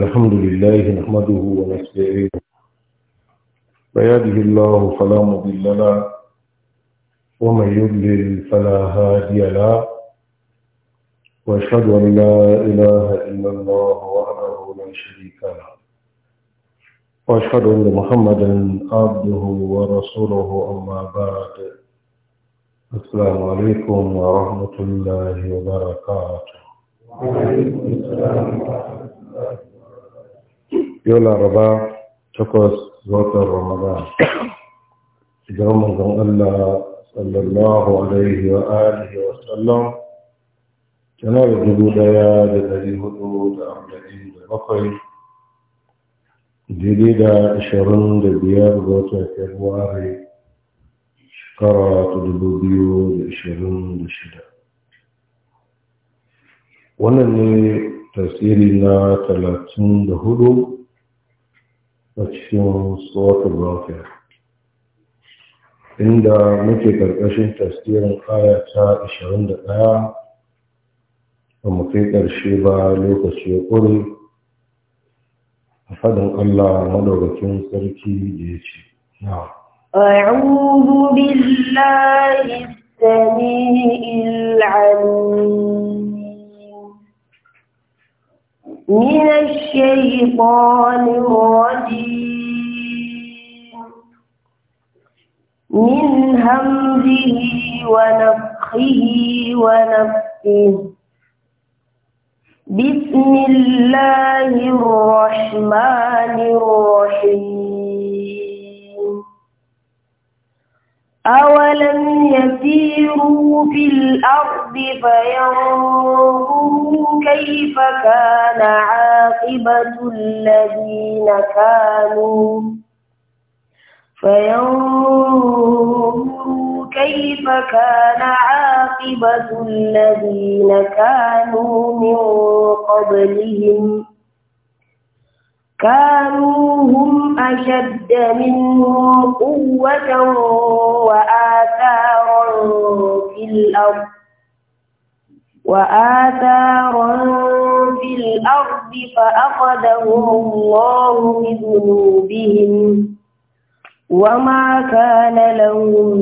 الحمد لله نحمده ونستعينه فيهده الله فلا مضل له ومن يضلل فلا هادي له واشهد ان لا اله الا الله وحده لا شريك له واشهد ان محمدا عبده ورسوله اما بعد السلام عليكم ورحمه الله وبركاته وعليكم السلام ورحمه الله yau laraba takwas watan ramadan idan manzon Allah sallallahu alaihi wa alihi wa sallam tana da dubu daya da dari hudu da arba'in da bakwai daidai da ashirin da biyar ga watan februari shekara ta dubu biyu da ashirin da shida wannan ne tasiri na talatin da hudu a cikin tsohon rafiya inda muke ƙarƙashin tasirin aya ta 21 ba mu kai ƙarshe ba lokaci ya ƙuri a faɗin Allah madaukakin sarki da ya ce na أعوذ بالله السميع العليم من الشيطان الرجيم من همزه ونفخه ونفخه بسم الله الرحمن الرحيم أولم يسيروا في الأرض فينظروا كيف كان عاقبة الذين كانوا فينظروا كيف كان عاقبة الذين كانوا من قبلهم كانوا هم أشد منهم قوة وآثارا في الأرض وآثارا في الأرض فأخذهم الله بذنوبهم وما كان لهم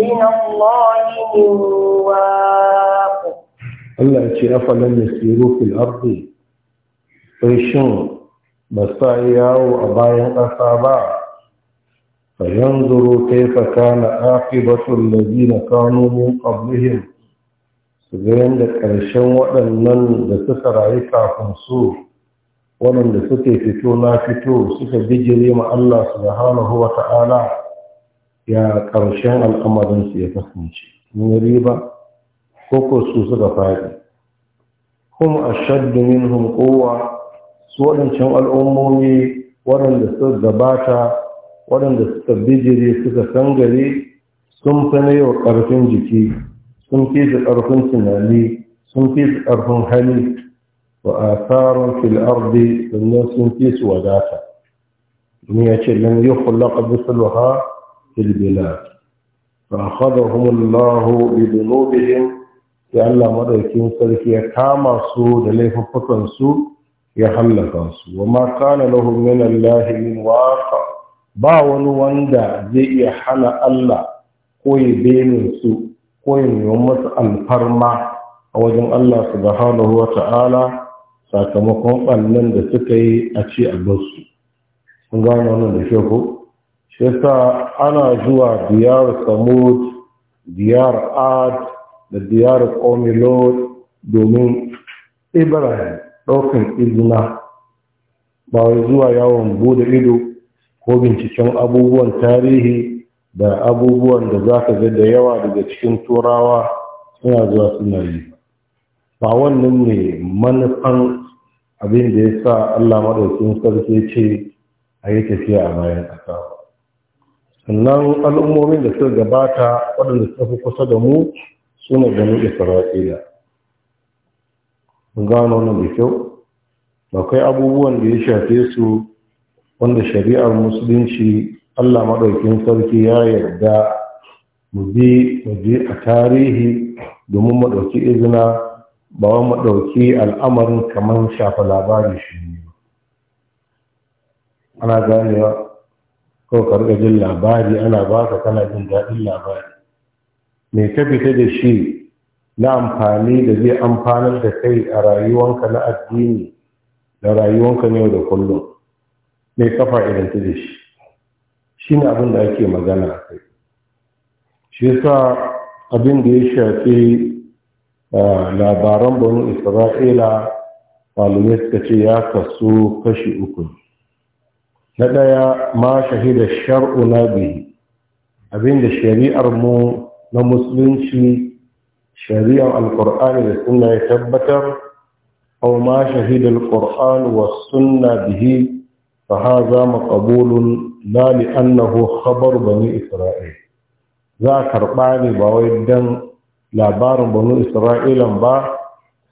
من الله من واق الله يتي أفلم يسيروا في الأرض فيشون ba sa yawo a bayan ƙasa ba fa yanzuru kaifa kana aqibatul na kanu min qablihim su ga yanda ƙarshen waɗannan da suka rayu kafin su waɗanda suke fito na fito suka bijire ma Allah subhanahu wa ta'ala ya ƙarshen al'amarinsu ya kasance mun riba ko ko suka faɗi Kum ashaddu minhum quwwa su waɗancan al'ummomi waɗanda suka gabata waɗanda suka bijire suka sangare sun fi na yau ƙarfin jiki sun fi da ƙarfin tunani sun fi da ƙarfin hali wa a tsarin fil'ardi sannan sun fi su wadata domin ya ce lan yi bisa bisulha filbila fa akhadahumullahu bi dhunubihim ya Allah madaukin sarki ya kama su da laifuffukan su ya hallaka su wa ma kana lahum min allahi min waqa ba wani wanda zai iya hana Allah ko ya benin su ko ya alfarma a wajen Allah subhanahu wa ta'ala sakamakon ɓannan da suka yi a ce a sun gano wannan da ko. shi yasa ana zuwa diyar samud diyar ad da diyar omilod domin ibrahim ɗaukar izina ba zuwa yawon bude ido ko binciken abubuwan tarihi da abubuwan da za ka da yawa daga cikin turawa suna zuwa suna yi ba wannan ne manufan abin da ya sa allah maɗaukin sarki ce a yi tafiya a bayan ƙasa sannan al'ummomin da suka gabata waɗanda suka fi kusa da mu suna ganin isra'ila mun gano wannan da kyau akwai abubuwan da ya shafe su wanda shari'ar musulunci Allah maɗaukin sarki ya yarda mu bi mu je a tarihi domin mu ɗauki izina ba wa mu ɗauki al'amarin kamar shafa labari shi ne ana ganewa kawai karɓar jin labari ana ba ka kana jin daɗin labari Me ka fita da shi na amfani da zai amfanar da kai a rayuwanka na addini da rayuwanka na yau da kullum mai kafa idan ta da shi shi ne abin da ake magana a kai shi sa abin da ya shafi ah, labaran bani isra'ila malumai suka ce ya kasu kashi uku na ɗaya ma shahida shar'una bihi abin da shari'ar mu na musulunci shari'ar alkur'ani da sunna ya tabbatar aw ma shahida alqur'an wa sunna bihi fa hadha maqbulun la li annahu khabar bani isra'il za karba ne ba wai dan labarin bani isra'ilan ba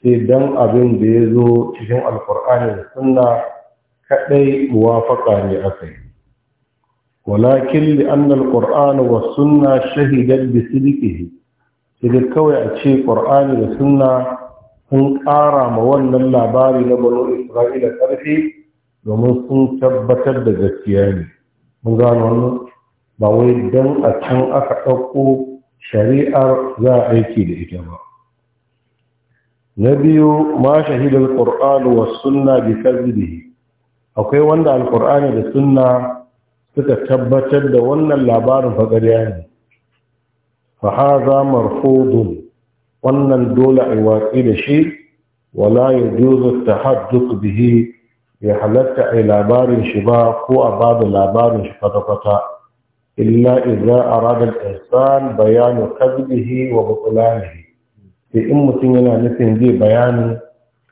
sai dan abin da ya zo cikin alkur'ani da sunna kadai muwafaqa ne akai ولكن لأن القرآن والسنة شهدت بصدقه sai kawai a ce ƙur'ani da sunna sun ƙara ma wannan labari na banu isra'ila ƙarfi domin sun tabbatar da gaskiya ne mun gano wani ba wai don a can aka ɗauko shari'ar za a aiki da ita ba na biyu ma shahidar ƙur'an wa sunna bi kazbihi akwai wanda alƙur'ani da sunna suka tabbatar da wannan labarin faƙarya ne fa hadha marfudun wannan dole a watsi da shi wala ya yajuzu tahadduth bihi ya halatta a labarin shi ba ko a ba da labarin shi kwata-kwata illa iza a al-insan bayanu kadhibihi wa butlanihi sai in mutum yana nufin zai bayanin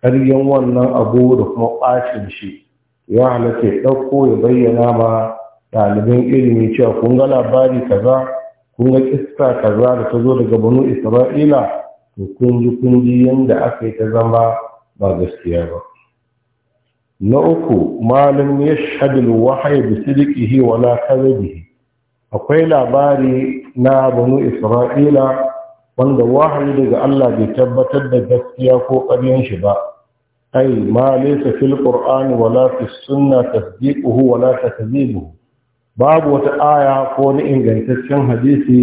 ƙaryan wannan abu da kuma ɓacin shi ya halatta ya ɗauko ya bayyana ma ɗaliban ilimi cewa kun ga labari kaza kun ga kista kaza da ta zo daga banu isra'ila to kun ji kun ji yanda aka yi ta zama ba gaskiya ba na uku malam ya shadul wahayi da sidikihi wa la kadhibihi akwai labari na banu isra'ila wanda wahayi daga Allah bai tabbatar da gaskiya ko ƙaryan shi ba ai ma laysa fil qur'ani wala fis sunna tasdiquhu wala babu wata aya ko wani ingantaccen hadisi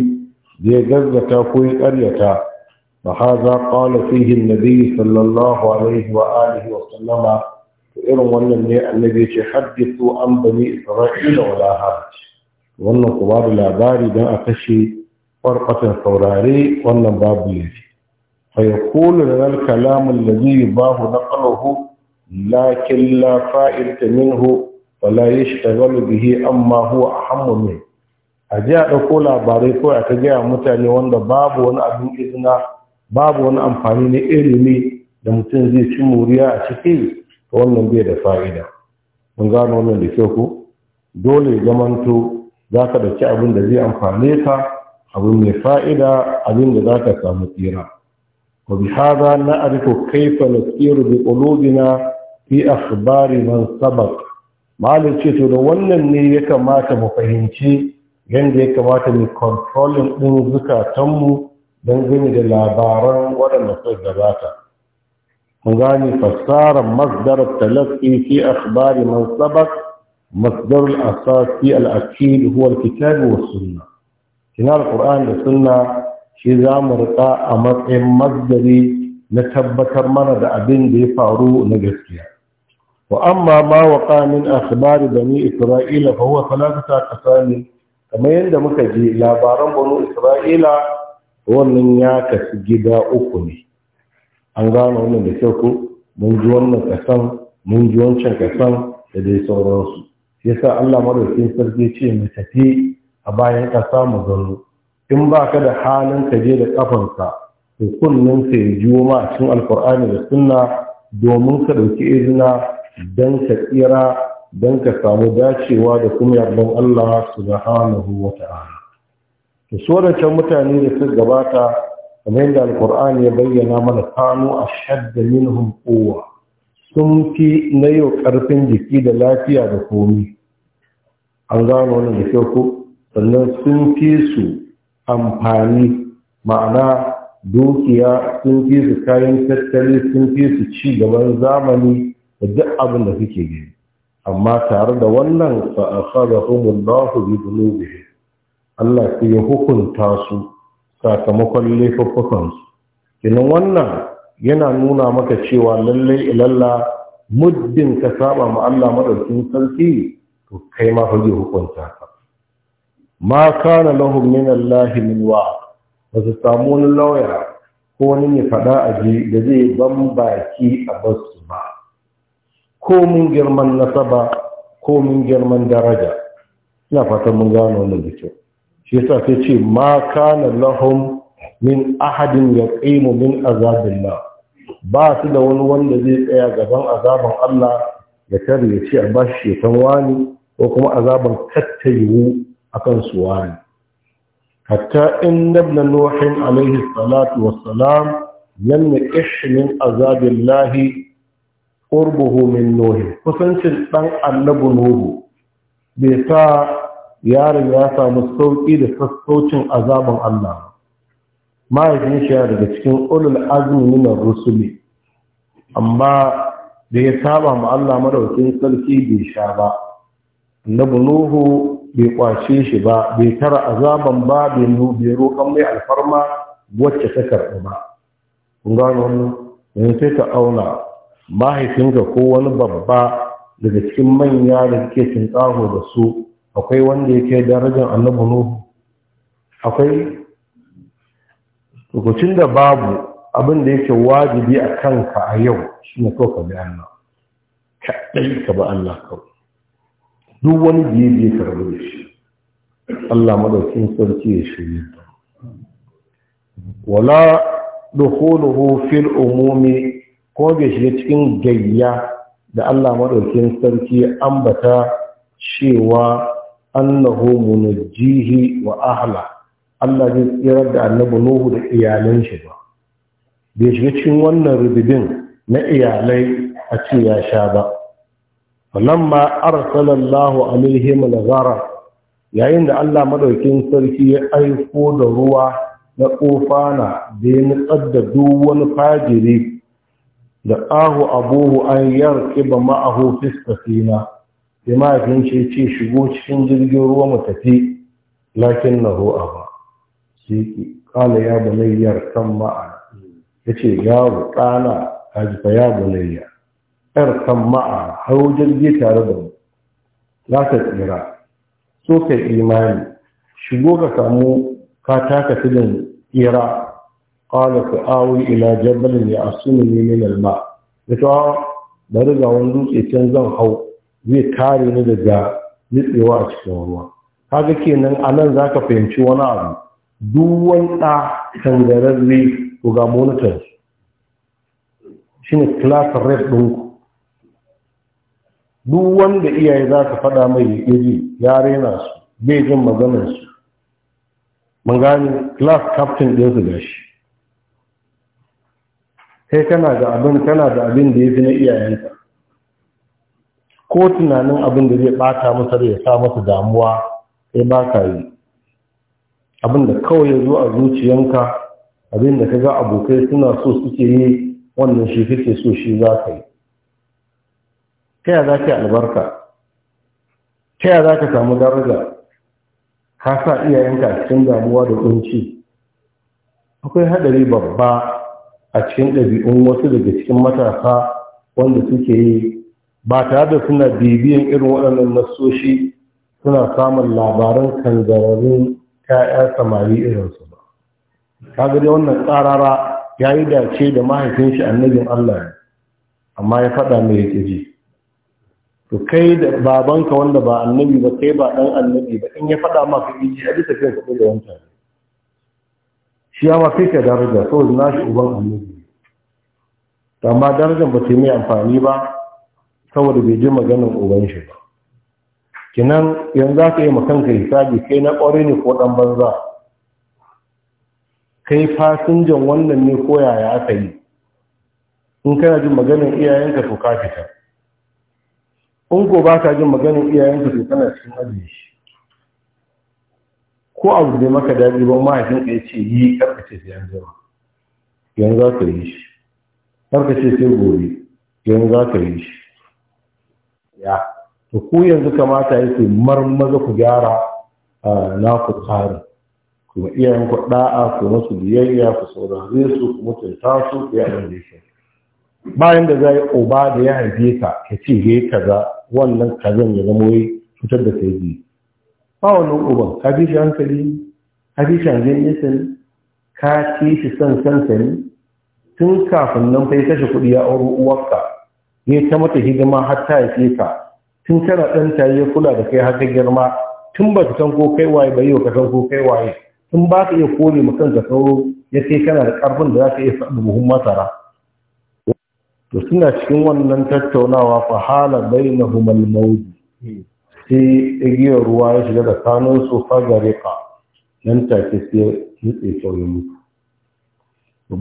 da ya gazzata ko ya ƙaryata fa haza qala fihi an-nabi sallallahu alaihi wa alihi wa sallama irin wannan ne annabi ce haddithu an bani isra'ila wa wannan ku babu labari dan a kashe farfatan saurare wannan babu laifi fa yaqulu lana al-kalamu bahu na naqluhu lakin la fa'ilta minhu wala yashtagalu bihi amma huwa ahammu min a ji a ɗauko labarai ko a ta gaya mutane wanda babu wani abin izina babu wani amfani na ilimi da mutum zai ci muriya a ciki ka wannan bai da fa'ida mun gano wannan da kyau ko dole ya zamanto za ka ci abin da zai amfane ka abin mai fa'ida abin da za ka samu tsira wa bi hada na arifu kaifa nasiru bi qulubina fi akhbari man sabaq malam ce to da wannan ne ya kamata mu fahimci yadda ya kamata mu kontrolin ɗin zukatanmu don gani da labaran waɗanda suka gabata mun gane fassarar masdar talaqqi fi akhbari man sabaq masdar al fi al-akid huwa al-kitab wa sunnah kina al-qur'an da sunna shi zamu riƙa a matsayin masdari na tabbatar mana da abin da ya faru na gaskiya وأما ما وقع من أخبار بني إسرائيل فهو ثلاثة أقسام كما يندم كجي لا بارم بنو إسرائيل ومن ياكس جدا أكني an gano wannan da kyau ko mun ji wannan kasan mun ji wancan kasan da dai sauransu yasa Allah madaukakin sarki ce mu tafi a bayan kasa mu gano in ba ka da halin kaje da kafanka to kunnen ka ya jiwo ma cikin alkur'ani da sunna domin ka ɗauki izina don ka tsira don ka samu dacewa da kuma yardan Allah subhanahu wa ta'ala to so da mutane da suka gabata kamar yadda alkur'ani ya bayyana mana kanu a shadda minhum quwwa sun fi na yau ƙarfin jiki da lafiya da komi an gano wani da kyau sannan sun fi su amfani ma'ana dukiya sun fi su kayan tattali sun fi su ci gaban zamani da duk abin da suke yi. amma tare da wannan fa akhadahumullahu bi biyu. Allah sai ya hukunta su sakamakon su, kinan wannan yana nuna maka cewa lallai ilalla muddin ka saba ma Allah madaukin sarki to kai ma fa hukunta ka ma kana lahum min min wa ba su samu wani lawyer ko wani mai faɗa a ji da zai ban baki a basu ba ko mun girman nasaba ko mun girman daraja ina fata mun gano wannan da kyau shi yasa sai ce ma kana lahum min ahadin yaqimu min azabillah ba su da wani wanda zai tsaya gaban azaban Allah ya tare ya ce a ba shi wani ko kuma azaban kattayiwu akan su wani hatta inna ibn Nuhin alayhi salatu wassalam lam yaqish min azabillahi ƙurbuhu min nohi kusancin ɗan annabu nuhu bai sa yaron ya samu sauƙi da sassaucin azabin allah mahaifin shi daga cikin ulul azumi na rusuli amma da ya saba ma allah madaukin sarki bai sha ba annabu nuhu bai kwace shi ba bai tara azaban ba bai roƙon mai alfarma wacce ta karɓi ba kun gano wannan yanzu sai ka auna mahaifinka ko wani babba daga cikin manya da suke tsaho da su akwai wanda yake darajar annabi nuhu akwai lokacin da babu abin da yake wajibi a kanka a yau shi ne kawai ka bi Allah kaɗai ka bi Allah kawai duk wani biye biye ka rabu da shi Allah madaukin sarki ya shirya wala dukhuluhu fil umumi ko bai shiga cikin gayya da Allah maɗaukin sarki ambata cewa annahu munajjihi wa ahla Allah zai tsirar da annabi Nuhu da iyalan shi ba bai shiga cikin wannan rububin na iyalai a ce ya sha ba falamma arsala alaihim alaihi ghara yayin da Allah madaukin sarki ya aiko da ruwa na kofana da ya nutsar da duk wani fajiri da ƙahu buhu an yarki ba ma'ahu fiskasina sai mahaifin shi ce shigo cikin jirgin ruwa mu tafi lakin na ho ba shi ƙala ya bulayyar kan ma'a ya ce yaro ƙana jika ya bulayya yar kan ma'a hau jirgi tare da mu za ka tsira so ka imani shigo ka samu ka taka filin tsira qala sa'awi ila jabalin ya'sununi min al-ma yato bari ga wani dutse can zan hau zai kare ni daga nitsewa a cikin ruwa kaga kenan anan zaka fahimci wani abu duk wani da tangararre ko ga monitor shine class rep ɗinku duk wanda iyaye za ka faɗa mai iri ya rena su bai jin maganarsu mun gane class captain ɗinsu gashi kai kana da abin kana da abin da ya fi na iyayenka ko tunanin abin da zai bata masa da ya sa masa damuwa sai ba ka yi abin da kawai ya zo a zuciyanka abin da ka ga abokai suna so suke yi wannan shi kake so shi za ka yi ta yaya za ka yi albarka ta yaya za ka samu daraja ka sa iyayenka cikin damuwa da kunci akwai haɗari babba a cikin ɗabi'un wasu daga cikin matasa wanda suke yi ba tare da suna bibiyan irin waɗannan nasoshi suna samun labaran kanzararin ‘ya'ya samari irinsu ba. Ta gari wannan tsarara ya yi dace da mahaifin shi annabin Allah ne, amma ya faɗa mai ya ji. To kai da babanka wanda ba annabi ba kai ba ɗan annabi ba in ya faɗa maka ji a bisa kai da wancan. shi ya mafi ka daraja saboda na shi uban annabi amma darajar ba ta yi mai amfani ba saboda bai ji maganar uban shi ba kinan yanzu za ka yi makanka hisabi kai na ƙware ne ko ɗan banza kai fasinjan wannan ne ko yaya aka yi in kana jin maganin iyayenka to ka fita in ko ba ka jin maganin iyayenka to kana cikin ajiye ko abu da maka daɗi ba mahaifin ka ya ce yi karkace sai an zama yanzu za ka yi shi karkace sai gobe yanzu za ka yi shi ya to ku yanzu kamata yake marmaza ku gyara na ku tsari kuma iyayen ku da'a ku masu biyayya ku saurare su ku mutunta su ku yi da shi bayan da yi oba da ya haife ka ya ce yi kaza wannan kazan ya zama wai fitar da sai biyu ba wannan uban ka bi shi hankali ka bi shi hangen nesa ne ka ce shi son kansa tun kafin nan fai kashe kuɗi ya auro uwarka ya ta mata hidima har ta haife ka tun kana ɗan ta ya kula da kai haka girma tun ba ka san ko kai waye ba yau ka san ko kai waye tun ba ka iya kore ma kanka sauro ya kai kana da ƙarfin da za ka iya faɗi buhun masara to suna cikin wannan tattaunawa fa fahala bainahum al-mawdi hmm. sai igiyar ruwa ya shiga tsakanin su fagarika nan take sai nutse sauyin mutu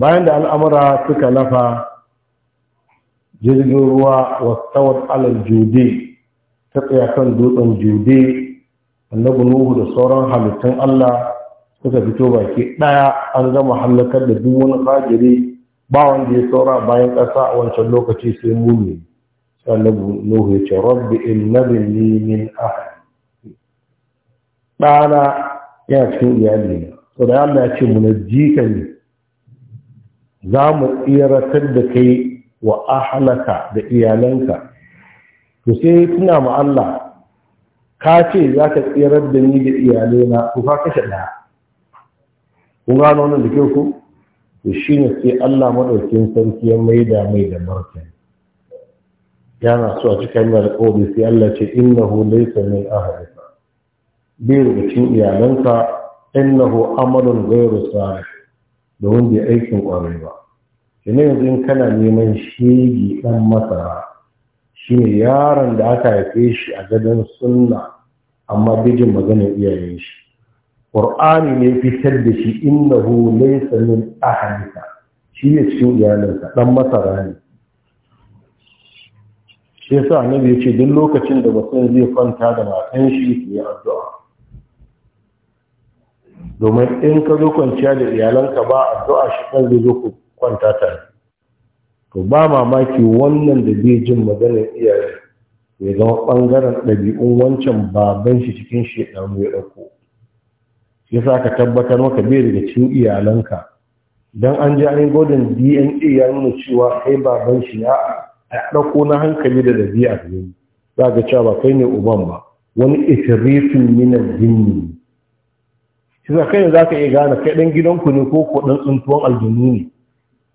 bayan da al'amura suka lafa jirgin ruwa wasawar alal jude ta tsaya kan dutsen jude annabi nuhu da sauran halittun allah suka fito baki ɗaya an gama hallakar da duk wani fajiri ba wanda ya saura bayan ƙasa a wancan lokaci sai mumini annabi nuhu ya ce rabbi in li min ahli ɗana yana cikin iyali ne to da Allah ya ce mu najjika ne za mu tsiratar da kai wa ahlaka da iyalanka to sai tuna ma Allah ka ce za ka tsirar da ni da iyalena ku fa kashe ɗaya kun gano wannan da kyau ku to shine sai Allah maɗaukin sarki ya maida mai da martani yana so a cikin mai alƙawari sai Allah ce innahu laysa min ahlika bi cin iyalanka innahu amalun ghayru salih da wanda aikin ƙwarai ba ne yanzu in kana neman shegi dan masara ne yaron da aka haife shi a gadon sunna amma bijin maganar iyayen shi ƙur'ani ne fitar da shi innahu laysa min ahlika shi ne cikin iyalanka ɗan masara ne shi yasa annabi ya ce duk lokacin da mutum zai kwanta da matan shi yi addu'a domin in ka zo kwanciya da iyalanka ba addu'a shi kan zai zo ku kwanta tare to ba mamaki wannan da zai jin maganar iyaye ya zama ɓangaren ɗabi'un wancan baban shi cikin shekaru ya ɗauko ya sa ka tabbatar maka bai daga cikin iyalanka don an ji an yi godin dna ya nuna cewa kai baban shi ya a ɗauko na hankali da ɗabi'a ne za ga cewa ba kai ne uban ba wani itirifin minar ne shi za kai za ka iya gane kai ɗan gidanku ne ko ko ɗan tsuntuwan aljanu ne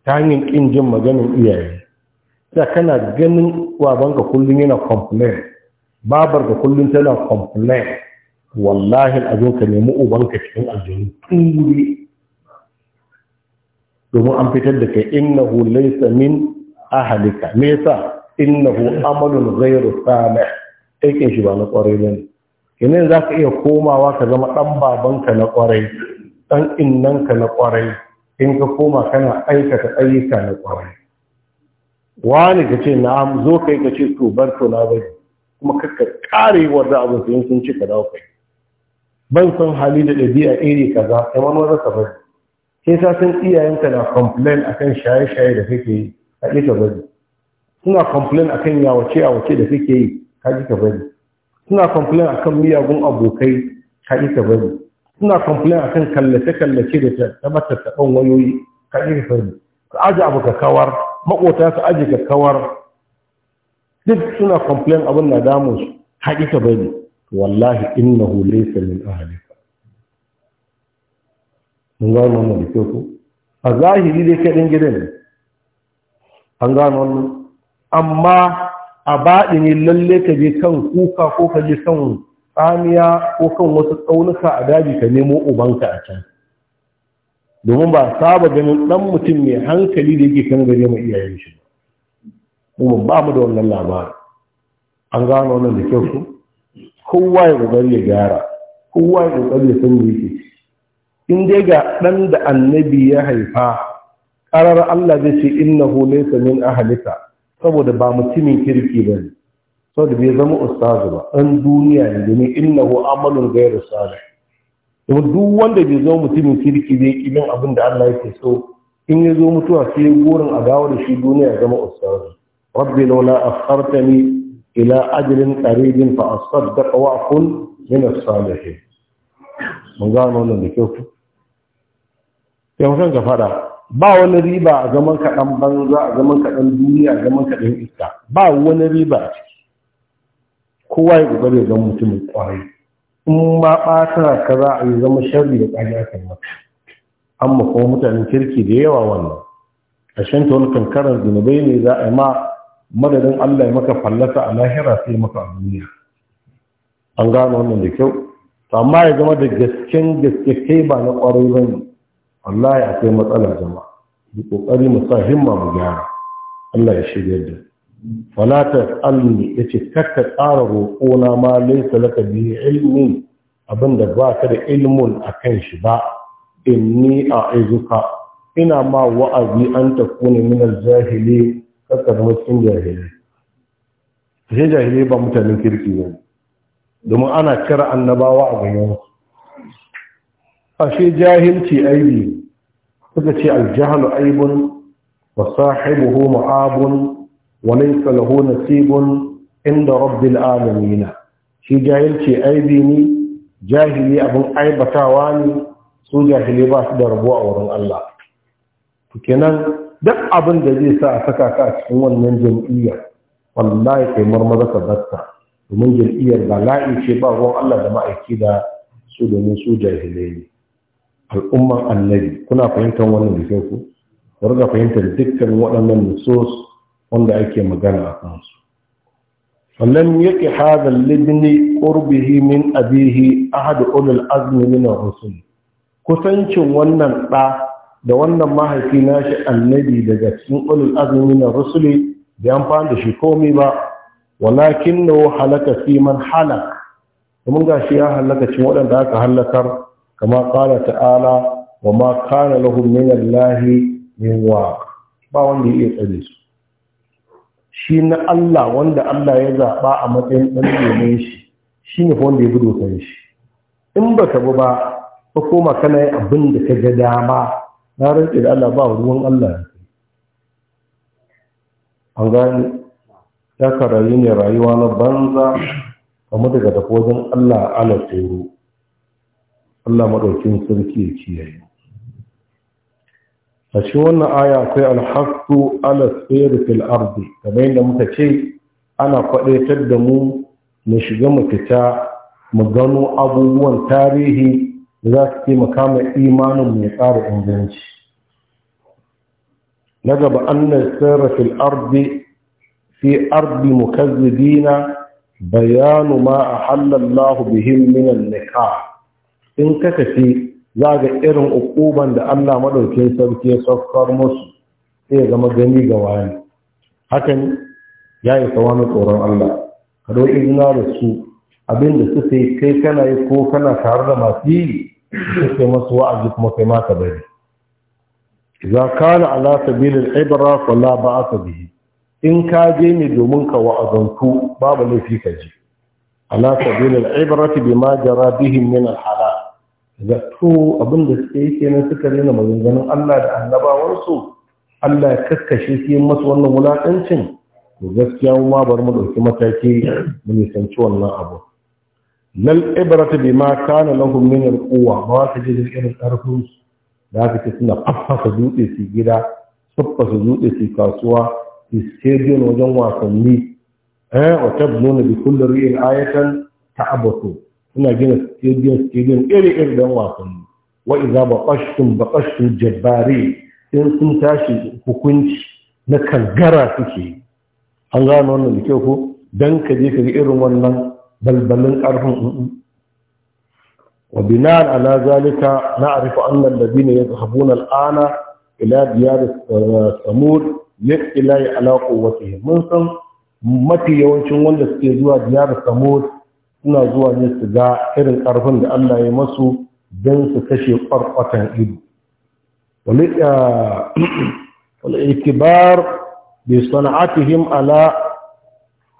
ta hanyar ƙin jin maganin iyaye ta kana ganin ka kullum yana complain babarka kullum tana complain wallahi abin ka nemi ubanka cikin aljanu tun wuri domin an fitar da ka innahu laysa min ahalika me yasa innahu amalun ghayru samih aikin shi ba na kwarai bane za zaka iya komawa ka zama dan babanka na kwarai dan innanka na kwarai in ka koma kana aikata ayyuka na kwarai wani ka ce na'am zo kai ka ce to bar to na bari kuma kakka kare wanda abin sun sun ci ka kai ban san hali da dabi'a iri kaza kai wanda ka bari sai sa sun iyayenka na complain akan shaye-shaye da kake yi ka ƙi ka bari suna complain akan yawace yawace da kake yi ka ƙi ka bari suna complain akan miyagun abokai ka ƙi ka bari suna complain akan kallace kallace da ta mata taɓan wayoyi ka ƙi ka bari ka aje abu ka kawar maƙota su aje ka kawar duk suna complain abin na damu su ka ƙi ka bari wallahi innahu laysa min ahlika mun ga mamu da kyau ko a zahiri dai kaɗin gidan ne an gano wannan amma a baɗi ne lalle ka je kan kuka ko ka je kan tsamiya ko kan wasu tsaunuka a daji ka nemo ubanka a can domin ba saba ganin ɗan mutum mai hankali da yake kan gare mai iyayen shi ba ba mu da wannan labarin an gano wannan da kyau ko kowa ya kokari ya gyara kowa ya kokari ya san me yake in dai ga ɗan da annabi ya haifa karar Allah zai ce innahu laysa min ahlika saboda ba mutumin kirki bane saboda bai zama ustazu ba dan duniya ne domin innahu amalun ghairu salih kuma duk wanda bai zama mutumin kirki bai min abin da Allah yake so in ya zo mutuwa sai gurin a dawo da shi duniya zama ustazu rabbi laula akhartani ila ajrin qaribin fa asaddaqa wa akun min as-salihin mun gano wannan da kyau yan kan ka fada ba wani riba a zaman kaɗan banza a zaman kaɗan duniya a zaman kaɗan iska ba wani riba a ciki kowa ya ƙoƙari ya zama mutumin ƙwari. in ma ɓata ka za a yi zama sharri da ƙari a kan maka amma kuma mutanen kirki da yawa wannan a shanta wani kankarar zunubai ne za a yi ma madadin Allah ya maka fallasa a lahira sai maka a duniya an gano wannan da kyau to amma ya zama da gasken gaske kai ba na ƙwarai ba wallahi akwai matsalar jama'a yi kokari mu sa himma mu gyara Allah ya shirya da fala alni yace kakka tsara roƙona ma laysa laka bi ilmi abinda ba ka da ilmun akan shi ba inni a'izuka ina ma wa'azi an takuna min al-jahili kakka zama cikin jahili sai jahili ba mutanen kirki ne domin ana kira annabawa a gayyansu ashe jahilci aibi suka ce aljahalu aibun wa sahibuhu mu'abun wa laysa lahu nasibun inda rabbil alamin shi jahilci aibi ne jahili abin aibatawa ne su jahili ba su da rabuwa a wurin Allah kenan duk abin da zai sa a saka ka a cikin wannan jam'iyyar wallahi kai marmaza ka batta domin jam'iyyar bala'i ce ba ruwan Allah da ma'aiki da su domin su jahilai ne al'umman annabi kuna fahimtar wannan da kyau ku warga fahimtar dukkan waɗannan nusus wanda ake magana a kansu wallan yake hadha libni qurbihi min abihi ahad ulul azmi min ar-rusul kusancin wannan ɗa da wannan mahaifi nashi annabi daga cikin ulul azmi min ar-rusul bai amfani da shi komai ba walakinnahu halaka fi man halak kuma gashi ya halaka waɗanda aka halakar kama qala ta'ala wa ma kana lahum min allahi min wa ba wanda ya tsare su shi na Allah wanda Allah ya zaɓa a matsayin ɗan domin shi shi ne wanda ya gudu kan shi in ba ka ba ka koma kana yin abin da ka ga dama na rantsi da Allah ba ruwan Allah ya an gani ya karayi rayu ne rayuwa na banza kamar daga tafi wajen Allah ala tsoro Allah maɗaukin sarki ya kiyaye a cikin wannan aya akwai alhaqqu ala sayri fil ardi kamar yadda muka ce ana kwadaitar da mu mu shiga mu fita mu gano abubuwan tarihi da za su taimaka ma imanin mu ya ƙara inganci na gaba anna sayra fil ardi fi ardi mukazzibina bayanu ma a halallahu bihim minan nikah in ka tafi za ga irin ukuban da Allah madaukin sarki ya saukar musu sai zama gani ga wani hakan ya yi tsawon tsoron Allah ka dau izina da su abinda suka sai kai kana yi ko kana tare da masu yi sai masu wa'azi kuma kai ma ka bari idza kana ala sabilil ibra fala ba'sa in ka je ne domin ka wa'azantu babu laifi ka ji ala sabilil ibrati bima jara bihi min al zato abin da suke yi kenan suka nuna maganganun Allah da annabawarsu Allah ya kakkashe su yin masu wannan wulaƙancin to gaskiya mu ma bar mu ɗauki mataki mu nisanci wannan abu lal ibrata bima kana lahum min al quwwa ba ta ji irin karfin su da ka ce suna su dutse su gida su dutse su kasuwa su stadium wajen wasanni eh wa tabnuna bi kulli ri'in ayatan ta'abatu suna gina stadium stadium iri-iri don wasanni wa iza ba ƙashin ba ƙashin jabbare in sun tashi hukunci na kangara suke an gano wannan da kyau ko Dan ka je ka ga irin wannan balbalin ƙarfin وبناء ala zalika na'rifu anna alladhina yadhhabuna al'ana ila diyar samud yaqila ala quwwatihim mun san mafi yawancin wanda suke zuwa diyar samud suna zuwa ne su ga irin ƙarfin da Allah ya masu don su kashe ƙwarƙwatan ido wal'ikibar ah, bi sana'atihim ala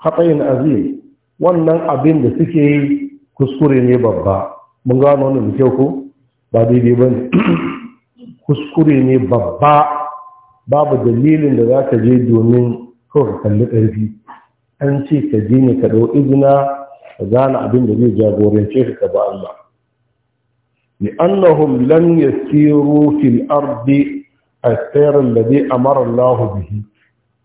haɗayin azim wannan abin da suke yi kuskure ne babba mun gano wannan da kyau ko ba daidai ba ne kuskure ne babba babu dalilin da za ka je domin kawai kalli ƙarfi an ce ka je ne ka ɗau izina ka gane abin da zai jagorance ka ba Allah li'annahum lam yasiru fil ardi as-sayr alladhi amara Allah bihi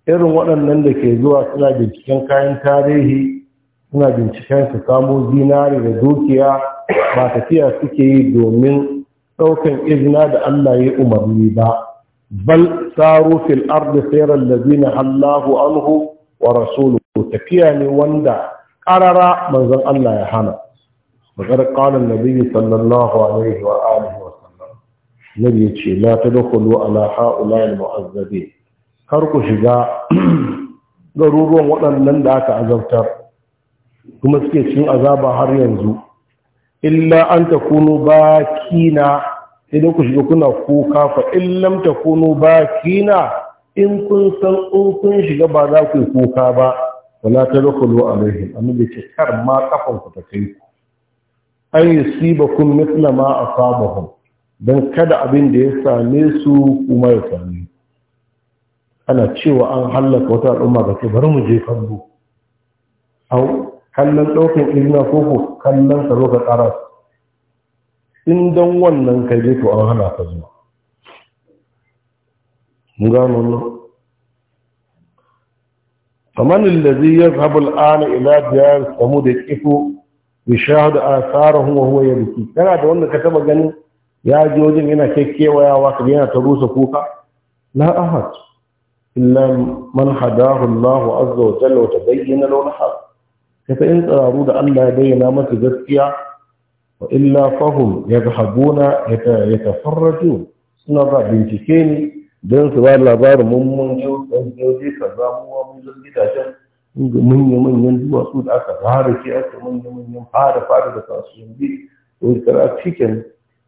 irin waɗannan da ke zuwa suna binciken kayan tarihi suna binciken su samo zinari da dukiya ba tafiya suke yi domin ɗaukan izina da Allah ya umarni ba bal saru fil ardi sayra allazina hallahu anhu wa rasuluhu tafiya ne wanda ƙarara manzon Allah ya hana bakar ƙalin nabi sallallahu alaihi wa alihi wa sallam nabi ya ce la tadkhulu ala haula mu'azzabi kar ku shiga garuruwan waɗannan da aka azabtar kuma suke cikin azaba har yanzu illa an takunu bakina idan ku shiga kuna kuka fa in takunu bakina in kun san in kun shiga ba za ku kuka ba wala tadkhulu alaihim annabi ce kar ma kafan ku ta kai ku an yusibakum mithla ma asabahum dan kada abin da ya same su kuma ya same ana cewa an hallaka wata al'umma ga ce bari mu je kallo au kallon ɗaukar izina ko ko kallon ka ka in don wannan ka je to an hana ka zuwa mun gano فمن الذي يذهب الآن إلى ديار ثمود يقف يشاهد آثارهم وهو يبكي كان هذا وانا كتب جني يا جوجين هنا كيكي ويا واكب هنا تروس كوكا لا أحد إلا من هداه الله عز وجل وتبين له الحق فإن ترارود أن لا بين متزكيا وإلا فهم يذهبون يتفرجون سنرى بنتكيني don su ba labarin mun mun yoji kaza mu wa mun zan gidajen inda manya manyan duwatsu da aka fara ke aka manya manyan fara fara da kasuwan bi wani kara cikin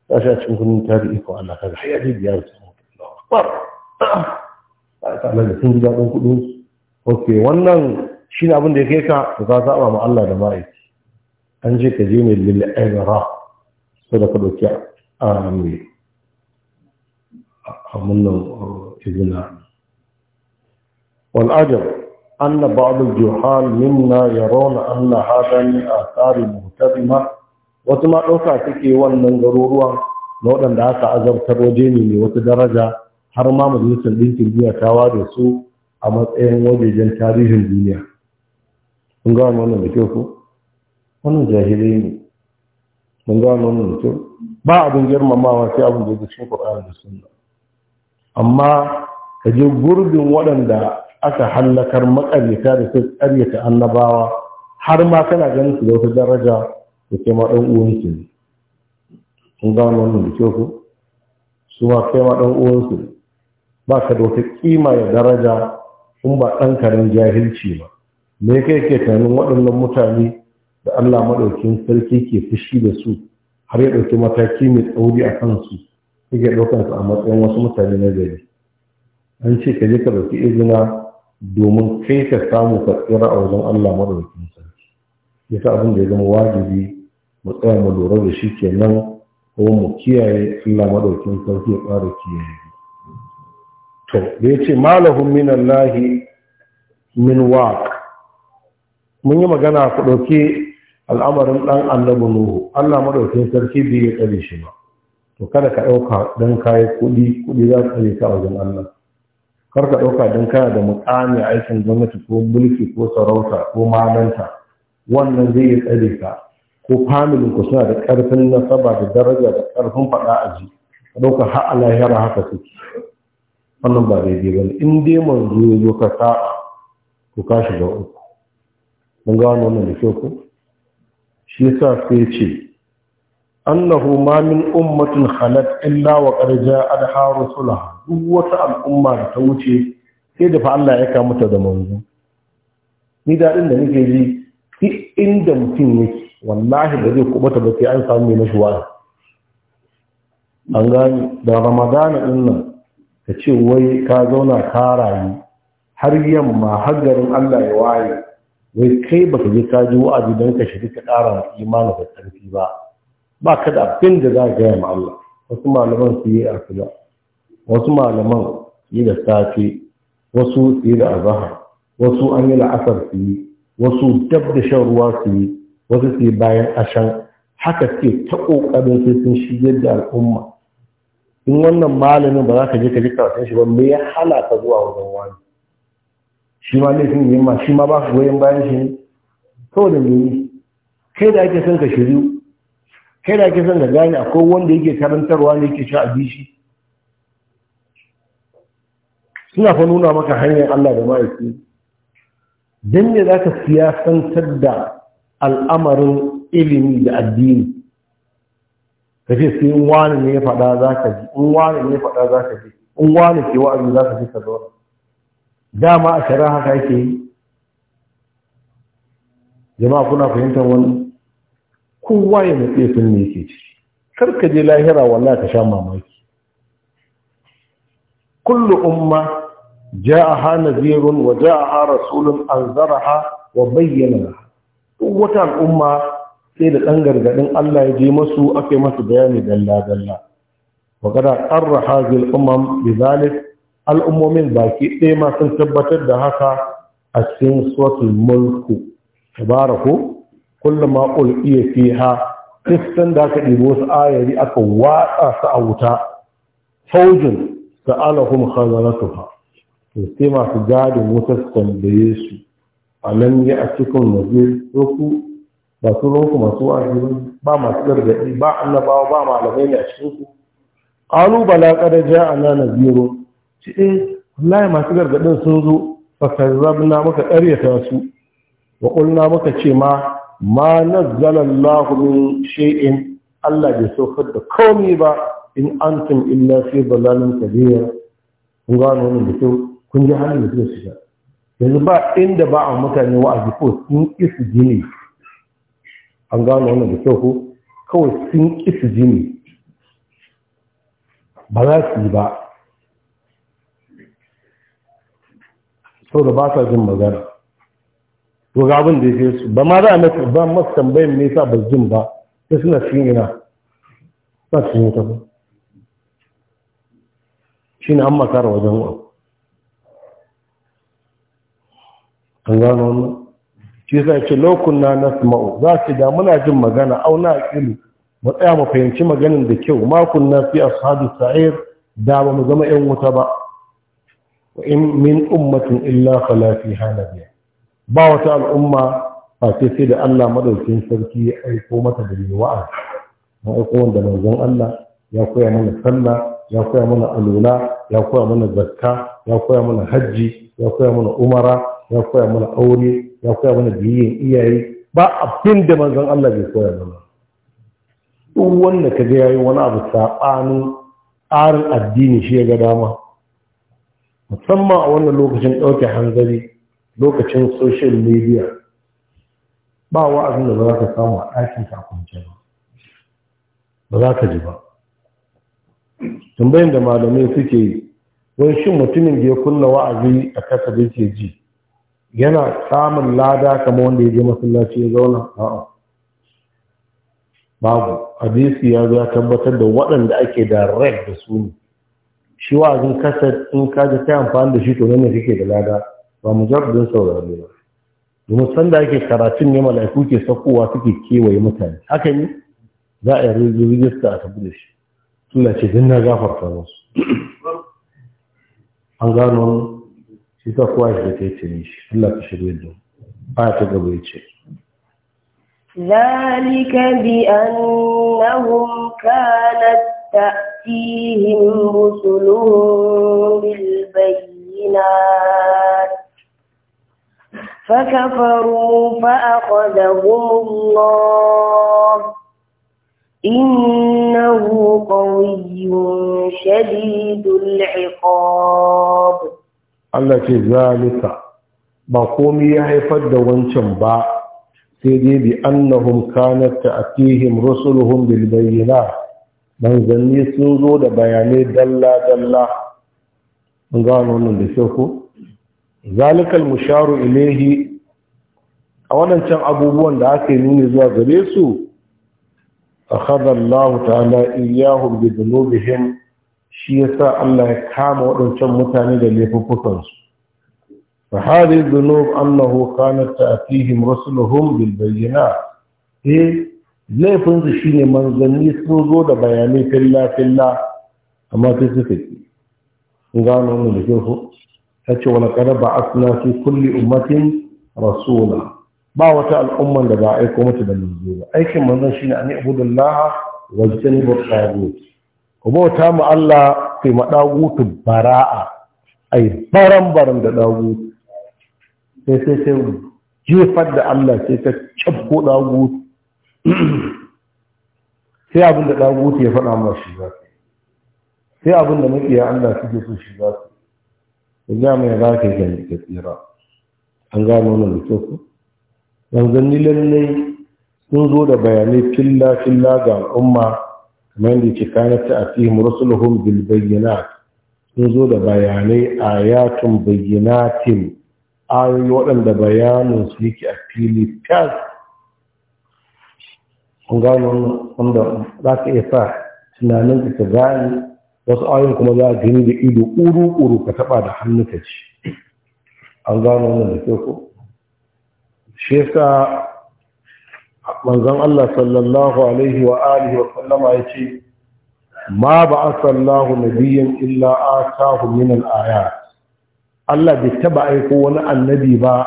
tasha cikin kunin tari iko Allah kaga haya yaji biyar su ba a ta da sun gida ɗan kudin ok wannan ne abin da ya kai ka to ka saba ma Allah da ma'aiki an je ka je ne da ka sadaka dokiya amin wannan izina والأجر أن بعض الجهال منا يرون أن a tsari آثار ma wata ɗauka suke wannan garuruwan na waɗanda aka azabtar waje ne mai wata daraja har ma majalisar ɗinkin duniya ta ware su a matsayin wajejen tarihin duniya. Mun ga wannan da kyau ko? Wannan jahilai ne. Mun ga wannan da kyau. Ba abin girmamawa sai abin da ya cikin ƙwararren da Sunna. amma ka je gurbin waɗanda aka hallakar maƙaryata da su karyata annabawa har ma kana ganin su da wata daraja da kai ma uwansu ne gano wannan da kyau su ma kai maɗan uwansu ne ba ka da wata kima da daraja kun ba ɗan karin jahilci ba me kai ke tunanin waɗannan mutane da Allah maɗaukin sarki ke fushi da su har ya ɗauki mataki mai tsauri a kansu suke su a matsayin wasu mutane na gari an ce ka je ka ɗauki izina domin kai ka samu ka tsira a wajen Allah maɗaukakin sarki Ya sa abin da ya zama wajibi mu tsaya mu lura da shi kenan ko mu kiyaye Allah maɗaukakin sarki ya ƙara kiyaye to da ya ce malahun min Lahi, min waq mun yi magana ku ɗauki al'amarin ɗan annabi Nuhu Allah maɗaukin sarki bai ya tsare shi ba to kada ka ɗauka don kayi kuɗi kuɗi za su yi ka wajen Allah kar ka ɗauka don kana da muƙami aikin gwamnati ko mulki ko sarauta ko malanta wannan zai yi tsare ka ko familin ku suna da ƙarfin nasaba da daraja da ƙarfin faɗa a ji ka ɗauka har a lahira haka suke wannan ba daidai ba ne in dai manzo ya zo ka sa'a ko ka shiga uku mun ga wannan da kyau ko shi yasa sai ce annahu ma min ummatin khalat illa wa qad ja'at rusulaha duk wata al'umma da ta wuce sai da fa Allah ya kamata ta da manzo ni daɗin da nake ji ki inda mutum yake wallahi da zai kubata ba sai an samu mai mashi an gani da ramadana din nan ka ce wai ka zauna ka rayu har yamma har garin Allah ya waye wai kai baka je ka ji wa'azi don ka shiga ka ƙara imani da ƙarfi ba ba ka da abin da za ka yi ma Allah wasu malaman su yi asuba wasu malaman yi da safe wasu su yi da azahar wasu an yi la'asar su yi wasu dab da shan ruwa su yi wasu su yi bayan ashan haka ce ta ƙoƙarin sai sun shigar da al'umma in wannan malamin ba za ka je ka ji karatun shi ba me ya hana ka zuwa wajen wani shi ma laifin yin ma shi ma ba ka goyon bayan shi ne kawai da kai da ake son ka shiru. kai da ke san da gane akwai wanda yake karantarwa ne yake sha abishi suna fa nuna maka hanyar Allah da ma'aiki don ne za ka siyasantar da al'amarin ilimi da addini ka ce sai in wani ne ya faɗa za ka ji in wani ne ya faɗa za ka ji in wani ke wa'azi za ka ji ka zo dama a shari'a haka yake yi jama'a kuna fahimtar wani kowa ya matse sun ne yake ciki kar ka je lahira wallah ka sha mamaki kullu umma ha nadhirun wa ha rasulun anzaraha wa bayyana laha duk wata al'umma sai da ɗan gargadin Allah ya je masu aka yi masu bayani dalla-dalla. Wa kada ƙarra hazil umam bi al'ummomin baki ɗaya ma sun tabbatar da haka a cikin suratul mulku. Tabaraku kullum ma ulqiya fiha duk da aka ɗibo su ayari aka watsa su a wuta faujin da alahum khazaratuha to sai masu gadin wuta su tambaye su a nan ya a cikin nazir roku ba su roku masu wa'azi ba masu gargaɗi ba annabawa ba malamai ne a cikin ku qalu bala qad ja'ana nadhiru ce eh wallahi masu gargaɗin sun zo fa kazzabna muka ƙaryata su wa qulna muka ce ma ma nazzala Allah min shay'in Allah bai saukar da komai ba in antum illa fi dalalin kabir kun gano wannan da kyau kun ji halin da su shiga yanzu ba inda ba a mutane wa'azi ko sun kisu jini an gano wannan da kyau ko kawai sun kisu jini ba za su yi ba sau da ba sa jin magana to ga abin da ya fi su ba ma za a masu ba masu tambayin me yasa ba jin ba sai suna cikin ina ba su yi ta ba shi ne an makara wajen wa an gano wannan shi sa ce lokun na nasma'u za su da muna jin magana auna a ilu mu tsaya mu fahimci maganin da kyau makon na fi ashabi sa'ir da ba mu zama 'yan wuta ba wa in min ummatin illa fala hana hanabiya ba wata al'umma ba ce sai da Allah madaukin sarki ya aiko mata da mai wa'azi na aiko wanda manzon Allah ya koya mana sallah ya koya mana alula ya koya mana zakka ya koya mana hajji ya koya mana umara ya koya mana aure ya koya mana biyayyen iyaye ba abin da manzon Allah bai koya mana duk wanda ka ga yayi wani abu sabanin tsarin addini shi ya ga dama musamman a wannan lokacin ɗauke hanzari lokacin social media ba wa'azin da ba za ka samu a ɗakin kafin ba ba za ka ji ba tambayin da malamai suke yi wani shin mutumin da ya kunna wa'azi a kasa da ke ji yana samun lada kama wanda ya je masallaci ya zauna a'a babu hadisi ya tabbatar da waɗanda ake da rek da su ne shi wa'azin kasa in ka ji kai amfani da shi to nan ne kake da lada ba mu jarabin saurari ba domin sanda ake karatun ne mala'iku ke sakowa suke kewaye mutane haka ne za a yi rijista a tafi shi suna ce din na gafarta musu an gano shi ta kowa shi da yi ce shi Allah ka shirye da ba ta gaba ya ce ذلك بأنهم كانت تأتيهم رسلهم بالبينات فكفروا فأخذهم الله إنه قوي شديد العقاب Allah ce zalika ba komi ya haifar da wancan ba sai dai bi annahum kanat Atihim, rusuluhum bil bayyinat manzanni sun zo da bayanai dalla dalla mun ga wannan da shi ko zalikal musharu ilaihi a wadancan abubuwan da ake nuna nuni zuwa gare su akhadha Allah ta'ala iyahu bi dhunubihim shi yasa Allah ya kama wadancan mutane da laifukan su fa hadhihi dhunub annahu kanat ta'tihim rusuluhum bil bayyinat eh laifin su shine manzanni sun zo da bayanai filla filla amma sai suka ki gano mu da kyau ta ce wani kada ba a suna fi kulli ummatin rasula ba wata al'umman da ba a aiko mata da manzo ba aikin manzon shine an ibudullah wajen janibu tagut ko bauta mu Allah fi ma bara'a ai baran baran da ɗagutu sai sai sai jefar da Allah sai ta cabko ɗagutu sai abin da ɗagutu ya faɗa masa shi za sai abin da makiya Allah suke so shi za su ga mai za ka yi ka tsira an gano wannan da kyau zanni lallai sun zo da bayanai filla filla ga umma kamar yadda ke kana ta afihim rusuluhum bil bayyinat sun zo da bayanai ayatun bayyinatin ayoyi waɗanda bayanin su yake a fili fiyas kun gano wanda za ka iya sa tunanin ka gani. wasu ayoyin kuma za a gani da ido uru-uru ka taba da hannu ka ci an gano wannan da kyau ko shi yasa manzon Allah sallallahu alaihi wa alihi wa sallama ya ce ma ba asallahu nabiyyan illa atahu min al-ayat Allah bai taba aiko wani annabi ba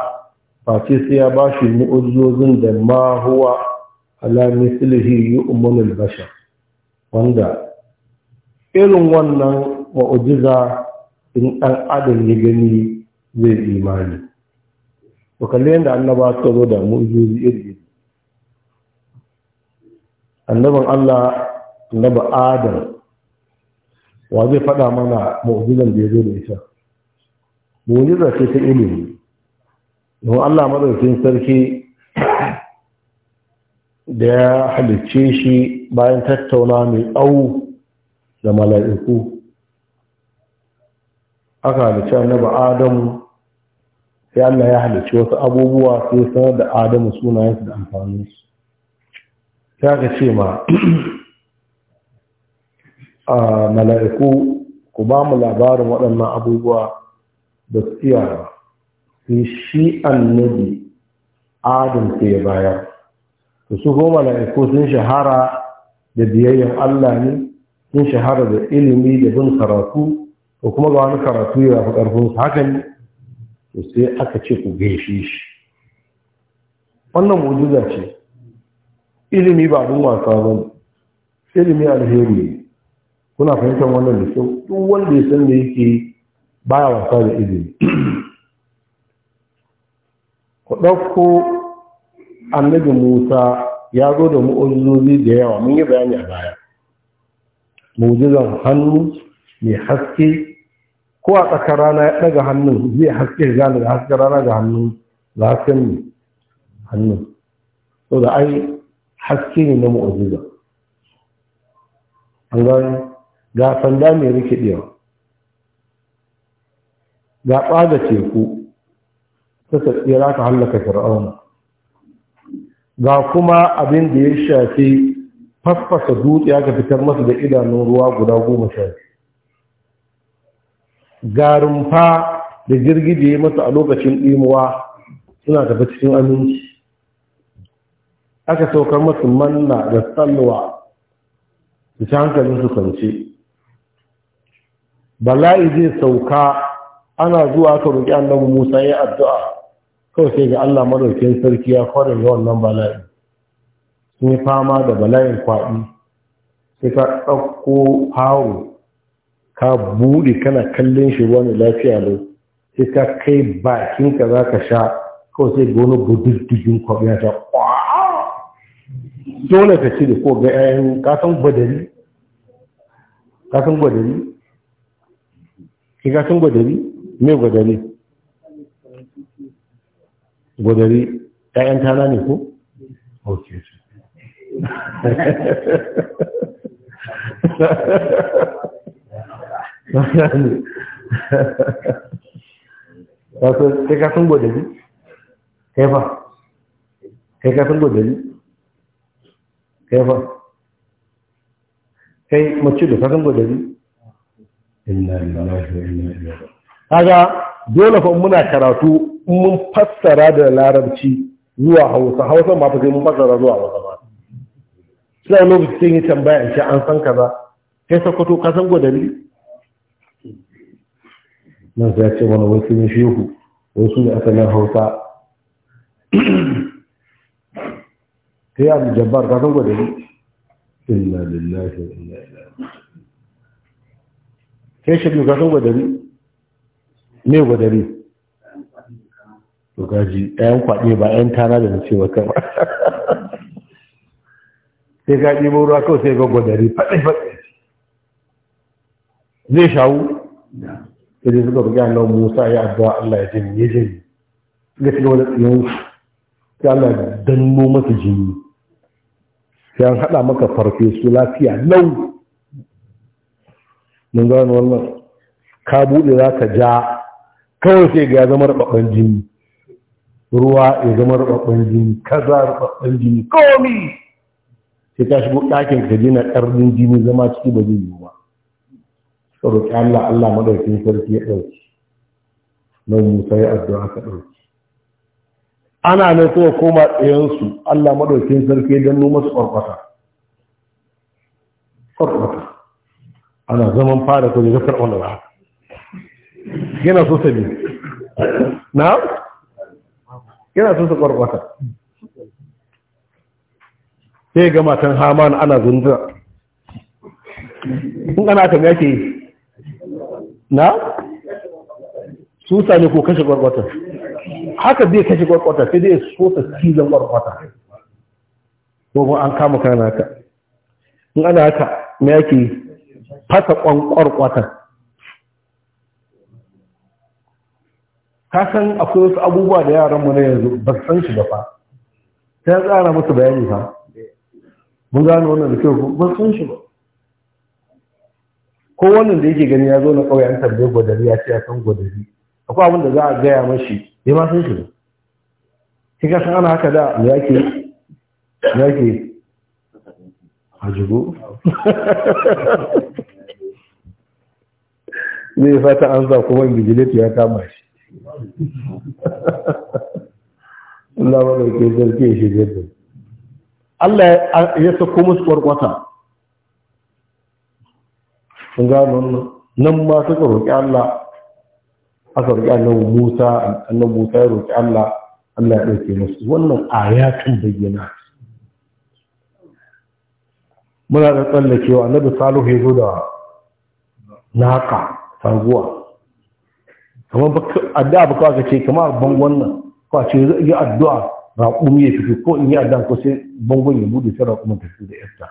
ba ce sai ya bashi mu'ujjozin da ma huwa ala mislihi yu'minu al-bashar wanda irin wannan wa'ujiza in ɗan adam ya gani zai imani ba kalli yadda annaba suka zo da mu'ujizi iri annaban Allah annaba adam wa zai faɗa mana mu'ujizan da ya zo da ita mu'ujiza ce ta ilimi don Allah madaukin sarki da ya halicce shi bayan tattauna mai tsawo da mala'iku aka halicci annaba adamu sai Allah ya halice wasu abubuwa sai sanar da adamu suna sunayensu da amfaninsu sai aka ce ma a mala'iku ku ba mu labarin waɗannan abubuwa da su iya su shi annabi adam ke bayar su su goma mala'iku sun shahara da biyayyar Allah ne sun shahara da ilimi da bin karatu ko kuma ba wani karatu ya fi ƙarfin haka ne aka ce ku gaishe shi wannan mu'jiza ce ilimi ba abin wasa ba ne ilimi alheri kuna fahimtar wannan da kyau duk wanda ya san da yake baya wasa da ilimi ku ɗauko annabi musa ya zo da mu'ujizozi da yawa mun yi bayani a baya mu'jizan hannu mai haske ko a tsakar rana ya daga hannun zai haske gane da haske rana ga hannun Za hasken ne hannun so da ai haske ne na mu'jiza an gani ga sanda mai rikidewa ga tsada teku ta tsira ta hallaka fir'auna ga kuma abin da ya shafi faffasa dutse aka fitar masa da idanun ruwa guda goma sha da jirgi da girgije masa a lokacin ɗimuwa suna tafi cikin aminci aka saukar masu manna da tsallowa da ta hankalin su kwanci bala'i zai sauka ana zuwa aka roƙi annabi musa ya addu'a kawai sai ga allah madaukin sarki ya kwarin yawan nan bala'i sun yi fama da bala'in kwaɗi sai ka ɗauko hawo ka buɗe kana kallon shi ruwa mai lafiya lau sai ka kai bakinka za ka sha kawai sai ga wani budurgijin kwaɗi ya sha dole ka ci da ko ga 'ya'yan kasan gwadari kasan gwadari ki kasan gwadari me gwadari gwadari 'ya'yan tana ne ko? ok wato kai ka san godari kai fa kai ka san godari kai fa kai mace da ka san godari inna lillahi wa inna ilaihi kaga dole fa muna karatu mun fassara da larabci zuwa Hausa Hausa ma fa kai mun fassara zuwa Hausa ba sai lokaci sun yi tambaya in ce an san kaza kai sakwato kasan gwadari nan sai ya ce wani wasu ne shehu wasu ne asalin hausa ta yi abu jabbar kasan gwadari inna lillahi inna ilaihi kai shi biyu kasan gwadari me gwadari, to gaji ɗayan kwaɗe ba ɗayan tana da na ce wa kama sai ka ɗibo ruwa kawai sai ga dari faɗai faɗai zai shawu sai dai suka buga Allah Musa ya addu'a Allah ya jini ya jini ga cikin wani tsiyon sai Allah danno masa jini sai an haɗa maka farfesu lafiya lau mun gano wannan ka buɗe za ka ja kawai sai ga zama rababban jini ruwa ya zama rababban jini kaza rababban jini komi sai ka shigo ɗakin ka jina ƙarfin jini zama ciki ba zai yiwu ba ka roƙi Allah Allah madaukin sarki ya ɗauki nan Musa ya addu'a ka ɗauki ana ne sai koma tsayensu Allah madaukin sarki ya danno masu ƙwarƙwata ƙwarƙwata ana zaman fara ko ya karɓa da haka yana so sabi na yana so ƙwarƙwata sai ga matan haman ana zunzura in ana kan yake na susa ne ko kashe gwargwata haka zai kashe gwargwata sai dai sosa cizon gwargwata domin an kama kana haka in ana haka me yake fasa kwankwarkwata ka san akwai wasu abubuwa da yaran mu na yanzu ba san shi ba fa sai tsara musu bayani fa mun gano wannan da kyau ko ban san shi ba ko wannan da yake gani ya zo na ƙauye an tambaye gwadari ya ce ya san gwadari akwai abin da za a gaya mashi ya ma san shi ba kika san ana haka da me yake me yake ajigo ne fata an za kuma bijilet ya kama shi Allah ba ke zarki ya shirya da Allah ya sako musu kwarkwata sun gano nan ma suka roƙi Allah aka roƙi annabu Musa annabu Musa ya roƙi Allah Allah ya ɗauke musu wannan ayatun bayyana muna da tsallakewa annabi Salihu ya zo da naka sanguwa. kamar addu'a ba kawai ce kamar ban wannan kawai ce zai yi addu'a Raƙumi ya fito ko in yi addan ko sai bangon ya bude sai raƙumin ta fito da yarta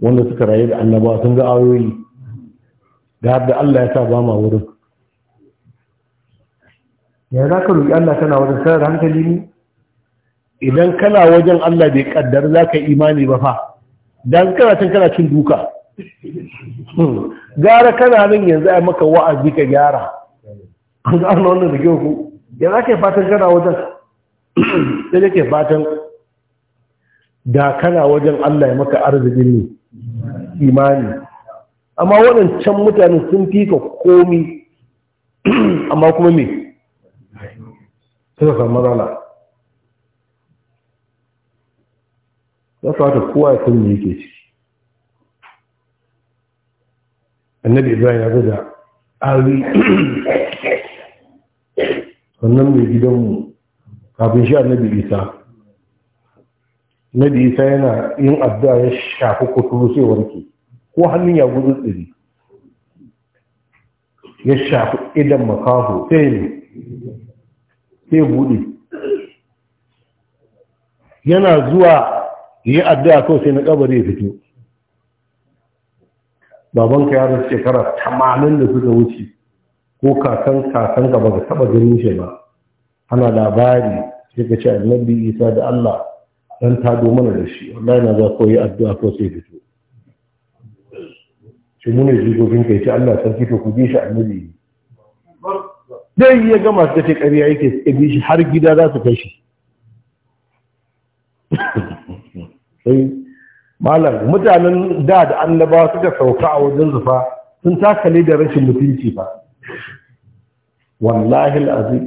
wanda suka rayu da annabawa sun ga ayoyi da har da Allah ya sa ba ma wurin ya za ka roƙi Allah kana wajen sarar hankali ne idan kana wajen Allah bai kaddar za ka imani ba fa dan kana tun kana cin duka gara kana nan yanzu a maka wa'azi ka gyara an gano wannan da kyau ku? ya za ka yi fatan gana wajen sai da ke fatan da kana wajen Allah ya maka arzikin ne imani amma waɗancan mutane sun fi ka komi amma kuma me ta samu rana ya fata kowa ya san yake ciki annabi ibrahim ya gaza ari wannan mai gidanmu kafin shi annabi isa nabi isa yana yin addu'a ya shafi kuturu sai warke ko hannun ya gudu tsiri ya shafi idan makaho sai ne sai buɗe yana zuwa yi addu'a kawai sai na kabari ya fito babanka ya rasu shekara tamanin da suka wuce ko kakan kakan ka baka taba ganin shi ba ana labari sai ka ce annabi isa da allah dan ta mana da shi wallahi na za ko yi addu'a ko sai fito shi mu ne jigogin ka ce allah san to ku bi shi annabi dai ya gama su ce ƙarya yake suka bi shi har gida za su kai shi sai malam mutanen da da annaba suka sauka a wajen zufa sun takale da rashin mutunci fa wallahi al'azim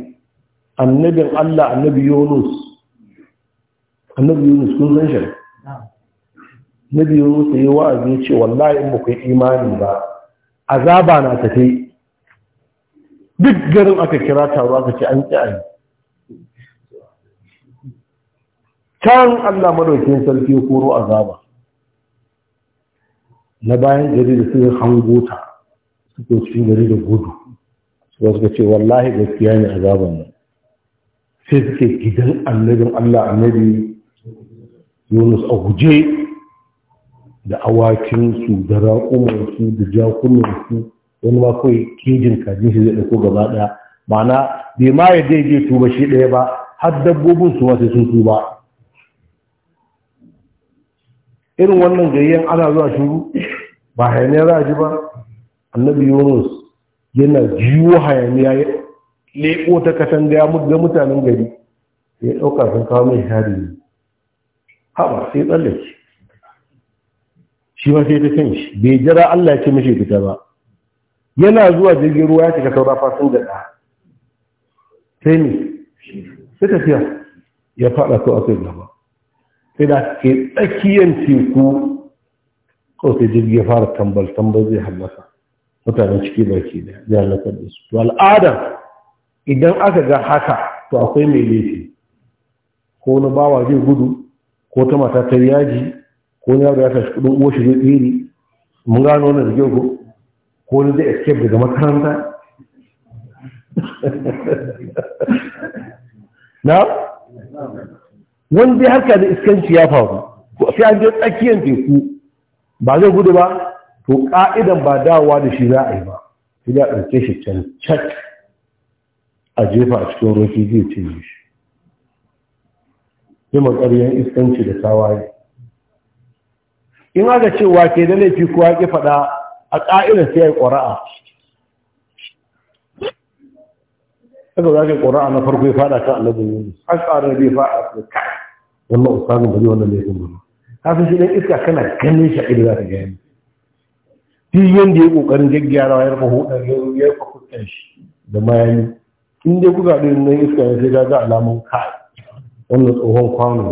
annabin Allah annabi Yunus annabi Yunus kun san shi annabi Yunus yi wa'azi ya ce wallahi in bakwai imani ba azaba na tafi. duk garin aka kira taro aka ce an ƙi ayi can Allah madaukin sarki ya koro azaba na bayan gari da suka hango ta suka cikin gari da gudu wasu ce wallahi gaskiya ne a nan sai suke gidan annabin Allah annabi Yunus a guje da su da su da jakunansu wani ma kawai kejin kajin shi zai ɗauko gaba ɗaya ma'ana bai ma ya je tuba shi ɗaya ba har dabbobin su sai sun tuba irin wannan gayyan ana zuwa shuru ba hayaniyar raji ba annabi Yunus yana jiwo hayaniya ya leƙo ta katanga ya ga mutanen gari ya ɗauka sun kawo mai shari ne haɓa sai tsallake shi ma sai ta san shi bai jira Allah ya ce mashi fita ba yana zuwa jirgin ruwa ya cika saura fasin da ɗa sai ne sai tafiya ya faɗa ko akai gaba sai da ke tsakiyar teku kawai sai jirgin ya fara tambal tambal zai hallasa mutane ciki baki da ya halakar da su to al'ada idan aka ga haka to akwai mai laifi ko wani bawa zai gudu ko ta mata ta yaji ko wani yaro ya tashi kudin uwa shi zai tsiri mun gano wani da ko ko wani zai escape daga makaranta na dai harka da iskanci ya faru sai an je tsakiyar teku ba zai gudu ba to ka'idan ba dawowa da shi za a yi ba sai da ɗauke shi can a jefa a cikin roki zai cinye shi sai matsariyar iskanci da tawaye in aka cewa ke da laifi kowa ki faɗa a ƙa'idar sai ya yi ƙwara'a haka za ka yi ƙwara'a na farko ya faɗa kan annabin yunus an tsarin bai faɗa a kai wannan ustazin ba zai wannan laifin ba ka san shi ɗan iska kana ganin shi a ido za ka gaya duk yadda ya kokarin gaggyara wayar rufa hudar ya rufa hudar shi da mayani in dai kuka da nan iska ya sai gaga alamun kai wannan tsohon kwano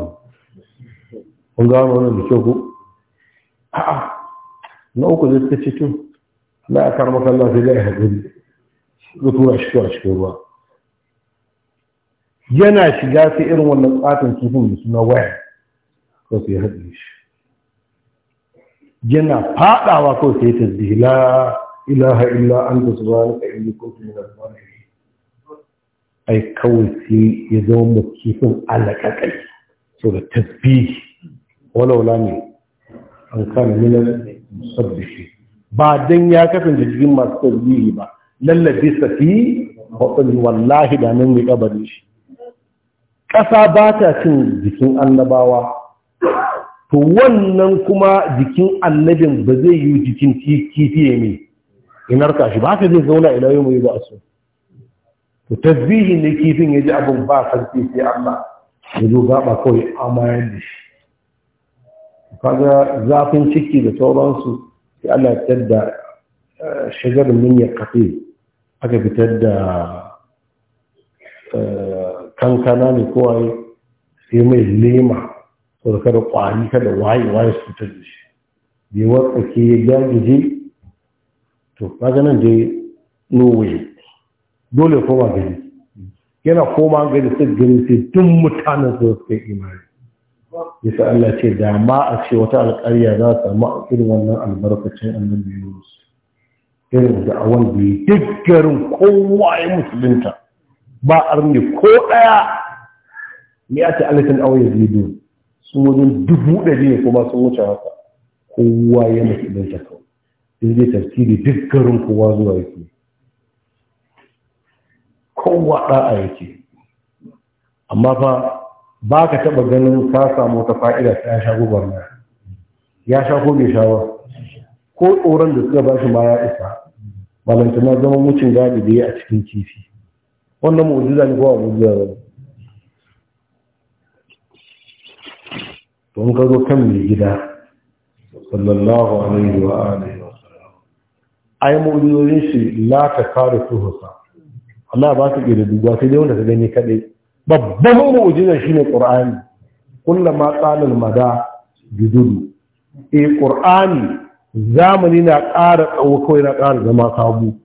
kun wani wannan da kyau ko a'a na uku zai ta cikin na a karma kallon sai zai haɗari ya tura shi a cikin ruwa yana shiga sai irin wannan tsatan kifin da suna waya ko sai haɗe shi yana fadawa ko sai tasbihi la ilaha illa anta subhanaka inni kuntu minaz zalimin ai kawai sai ya zama mukifin alaƙaƙai so da tasbihi walaula ne an kana minal musabbihi ba dan ya kasance cikin masu tasbihi ba lallabi safi baɗin wallahi da nan ya ƙabari shi ƙasa ba ta cin jikin annabawa to wannan kuma jikin annabin ba zai yi jikin kifi ya mai shi ba haka zai zauna ina yi mai ba su to tasbihin ne kifin ya ji abin ba sarki sai Allah ya zo gaba kawai amayar da shi kaga zafin ciki da sauransu sai Allah ya fitar da eh, shigar min ya kafe aka fitar da eh, kankana ne kowaye sai mai lema saboda kada kwari kada waye waye su fitar da shi da wata ke ya jagije to kaga nan dai norway dole koma gari yana koma gari sai gari sai tun mutanen su suka imani yasa Allah ce da ma a ce wata alƙarya za su samu a irin wannan albarkacin annabi Yunus irin da a wanda ya duk kowa ya musulunta ba arni ko ɗaya ne a ce alitin auya zidu su wajen dubu ɗari ne kuma sun wuce haka kowa ya mutu ɗan takau in zai tafsiri duk garin kowa zuwa yake kowa ɗa'a yake amma fa ba ka taɓa ganin ka samu ta fa'ida ta ya sha gubar na ya sha ko bai sha ba ko tsoron da suka ba shi ma ya isa balantana zama mucin gadi da ya a cikin kifi wannan mu'ujiza ne kowa mu'ujiza ne don ka zo kan mai gida sallallahu alaihi wa alaihi wa sallam ai yi shi la ta kare tuhusa Allah ba ka kira duba sai dai wanda ka gani kadai babban mu'ujizar shine qur'ani kullama qalal mada bidudu eh qur'ani zamani na ƙara tsawo kawai na ƙara zama sabu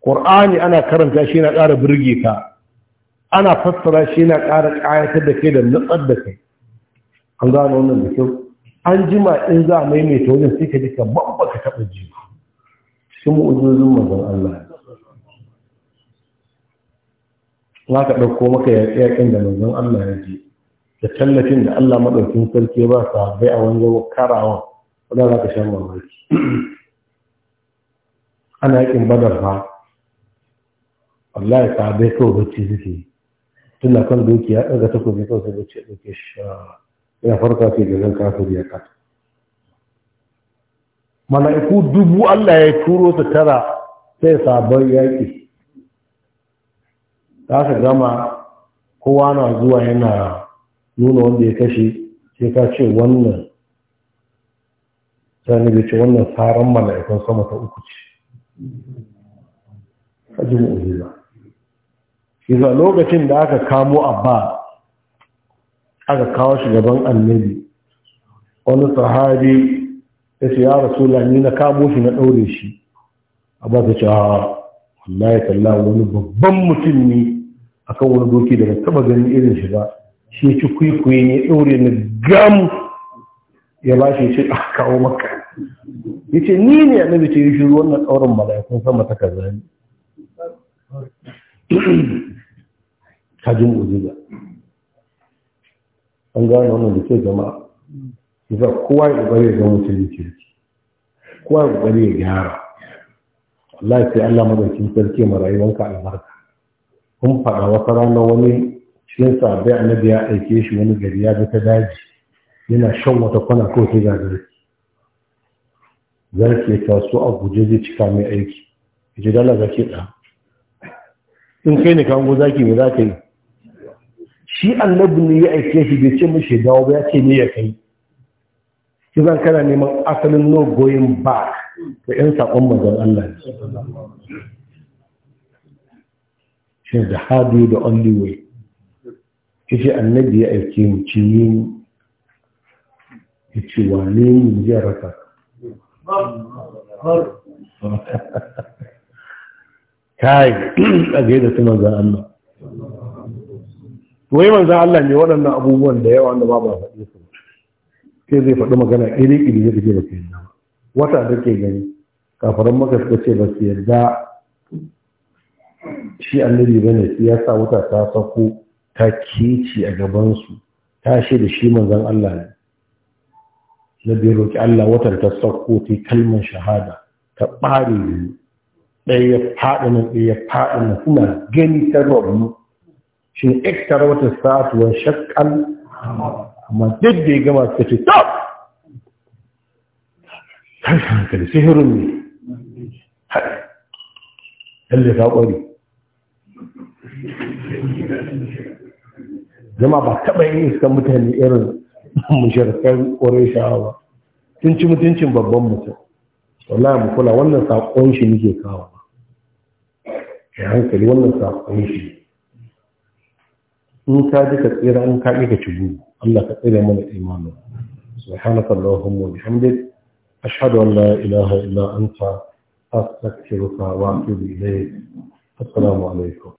ƙur'ani ana karanta shi na ƙara birge ka ana fassara shi na ƙara ƙayatar da kai da nutsar da kai an gano wannan da kyau an jima in za a maimaita wajen sai ka ji ka babba ka taɓa ji shi mu'ujizin mazan Allah za ka ɗauko maka yaƙin da mazan Allah ya ji. da tallafin da Allah maɗaukin sarki ya ba sa bai a wanzan karawa wadda za ka sha mamaki ana yaƙin badar fa Allah ya sa bai kawai bacci suke tun na kan doki ya ɗaga takobi kawai sai bacci ya ɗauke shi ya farka ce da zan kafir ya mala'iku dubu Allah ya turo su tara sai sabon yaƙi za ka gama kowa na zuwa yana nuna wanda ya kashe sai ka ce wannan sani bai ce wannan tsaron mala'ikun sama ta uku ce hajji mu'ujiza shi za lokacin da aka kamo abba aka kawo shi gaban annabi wani sahabi ya ce ya rasula ni na kamo shi na ɗaure shi a ba ta ce a wallahi talla wani babban mutum ne akan wani doki da taba ganin irin shi ba shi ya ci kwaikwaye ne ɗaure na gam ya ba shi ce a ah, kawo maka ya ce ni ne annabi ce yi shiru wannan ɗaurin mala'ikun sama ta kaza kajin ujiza an gane wannan da ke jama'a isa kowa ya ƙoƙari ya zama mutum kirki kowa ya ƙoƙari ya gyara Allah sai Allah madaukin sarki ma rayuwanka albarka kun faɗa wata rana wani cikin sabai annabi ya aike shi wani gari ya zata ta daji yana shan wata kwana ko sai ga zarki zarki ya taso a guje zai cika mai aiki ya ce dala zaki ɗa in kai ne kango zaki me za ka yi shi annabi ne ya aike shi bai ce mishi dawo ba ya ce ne ya kai kizan kana neman asalin no going back ga yan sakon mazan Allah shi da hadu da only way kishi annabi ya aike mu ci ni ya ce wane ne ya raka kai a gaida su mazan Allah wai manzan Allah ne waɗannan abubuwan da yawa da babu a faɗi su sai zai faɗi magana iri iri ya gaje da yadda ba wata da ke gani kafaran maka suka ce ba su yadda. shi annabi ba ne ya sa wuta ta sako ta keci a gabansu ta shi da shi manzan Allah ne na biyar roƙi Allah watan ta sako ta kalmar shahada ta ɓare ne ɗaya ya faɗi nan ɗaya faɗi nan suna gani ta rabu shi iktara wata sa'atuwar shakkan? amma duk da ya gama su ce ta tashi hankali sihirin ne Haɗe, ta ƙwari zama ba taɓa yin iskan mutane irin mashirkan ƙwarai sha'awa sun ci mutuncin babban mutum wallahi ya kula wannan saƙon shi nike kawo ya hankali wannan saƙon shi in ka ji ka tsira in ka ka ci Allah ka tsira mana imanu subhanak allahumma wa bihamdik ashhadu an la ilaha illa anta astaghfiruka wa atubu ilayk assalamu alaikum